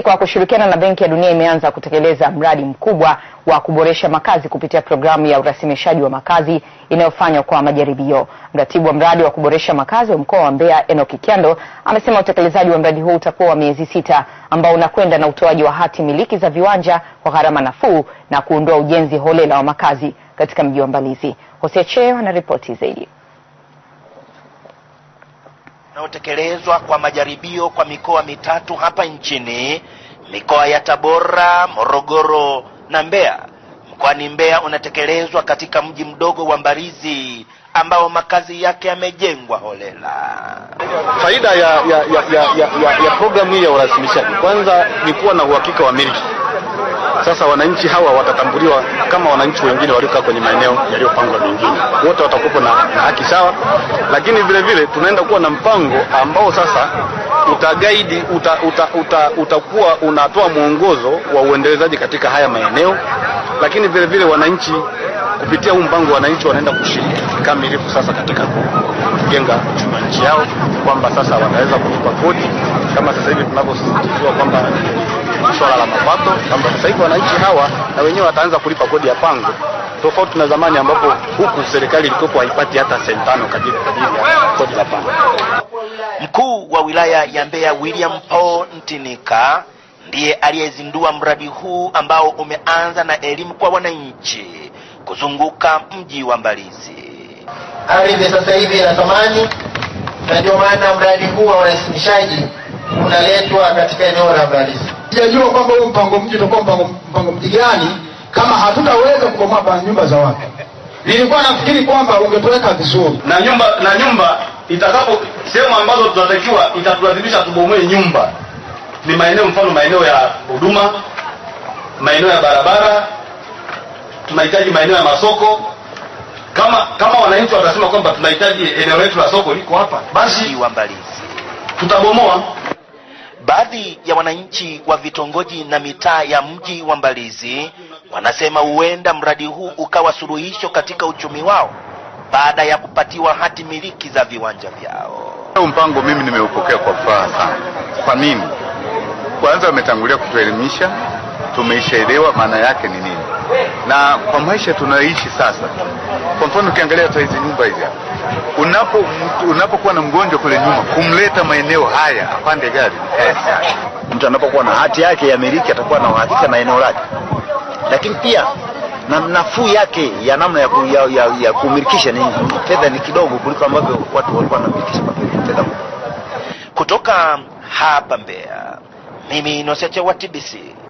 serikali kwa kushirikiana na Benki ya Dunia imeanza kutekeleza mradi mkubwa wa kuboresha makazi kupitia programu ya urasimishaji wa makazi inayofanywa kwa majaribio. Mratibu wa mradi wa kuboresha makazi wa mkoa wa Mbeya, Enoki Kyando, amesema utekelezaji wa mradi huu utakuwa wa miezi sita ambao unakwenda na utoaji wa hati miliki za viwanja kwa gharama nafuu na kuondoa ujenzi holela wa makazi katika mji wa Mbalizi. Hosea Cheo ana ripoti zaidi yanayotekelezwa kwa majaribio kwa mikoa mitatu hapa nchini, mikoa ya Tabora, Morogoro na Mbeya. Mkoani Mbeya unatekelezwa katika mji mdogo wa Mbarizi ambao makazi yake yamejengwa holela. Faida ya, ya, ya, ya, ya, ya programu hii ya urasimishaji kwanza ni kuwa na uhakika wa miliki sasa wananchi hawa watatambuliwa kama wananchi wengine waliokaa kwenye maeneo yaliyopangwa mengine, wote watakuwa na, na haki sawa, lakini vile vile tunaenda kuwa na mpango ambao sasa utagaidi uta, uta, uta, uta unatoa mwongozo wa uendelezaji katika haya maeneo, lakini vile vile wananchi kupitia huu mpango wananchi wanaenda kushiriki kikamilifu sasa katika kujenga chuma nchi yao, kwamba sasa wanaweza kulipa kodi kama sasa hivi tunavyosisitizwa kwamba kuhusu swala la mapato, kwamba sasa hivi wananchi hawa na wenyewe wataanza kulipa kodi ya pango tofauti na zamani ambapo huku serikali ilikuwa haipati hata sentano kadiri kadiri ya kodi la pango. Mkuu wa wilaya ya Mbeya William Paul Ntinika ndiye aliyezindua mradi huu ambao umeanza na elimu kwa wananchi kuzunguka mji wa Mbalizi. Ardhi sasa hivi ina thamani, na ndio maana mradi huu wa urasimishaji unaletwa katika eneo la Mbalizi hatujajua kwamba huu mpango mji utakuwa mpango, mpango mji gani kama hatutaweza kubomoa nyumba za watu. Nilikuwa nafikiri kwamba ungetoweka vizuri na nyumba na nyumba itakapo sehemu ambazo tunatakiwa itatulazimisha tubomoe nyumba ni maeneo, mfano maeneo ya huduma, maeneo ya barabara, tunahitaji maeneo ya masoko. Kama kama wananchi watasema kwamba tunahitaji eneo letu la soko liko hapa, basi tutabomoa. Baadhi ya wananchi wa vitongoji na mitaa ya mji wa Mbalizi wanasema huenda mradi huu ukawa suluhisho katika uchumi wao baada ya kupatiwa hati miliki za viwanja vyao. Mpango mimi nimeupokea kwa furaha sana. Kwa nini? Kwanza wametangulia kutuelimisha, tumeishaelewa maana yake ni nini na kwa maisha tunayoishi sasa. Kwa mfano ukiangalia hata hizi nyumba hizi hapa, unapo unapokuwa na mgonjwa kule nyuma, kumleta maeneo haya apande gari Mtu anapokuwa na hati yake ya miliki atakuwa na uhakika na eneo lake, lakini pia na nafuu yake ya namna ya, ku, ya, ya, ya kumilikisha ni fedha ni kidogo kuliko ambavyo watu walikuwa wanamilikisha fedha. Kutoka hapa Mbeya, mimi Noseche wa TBC.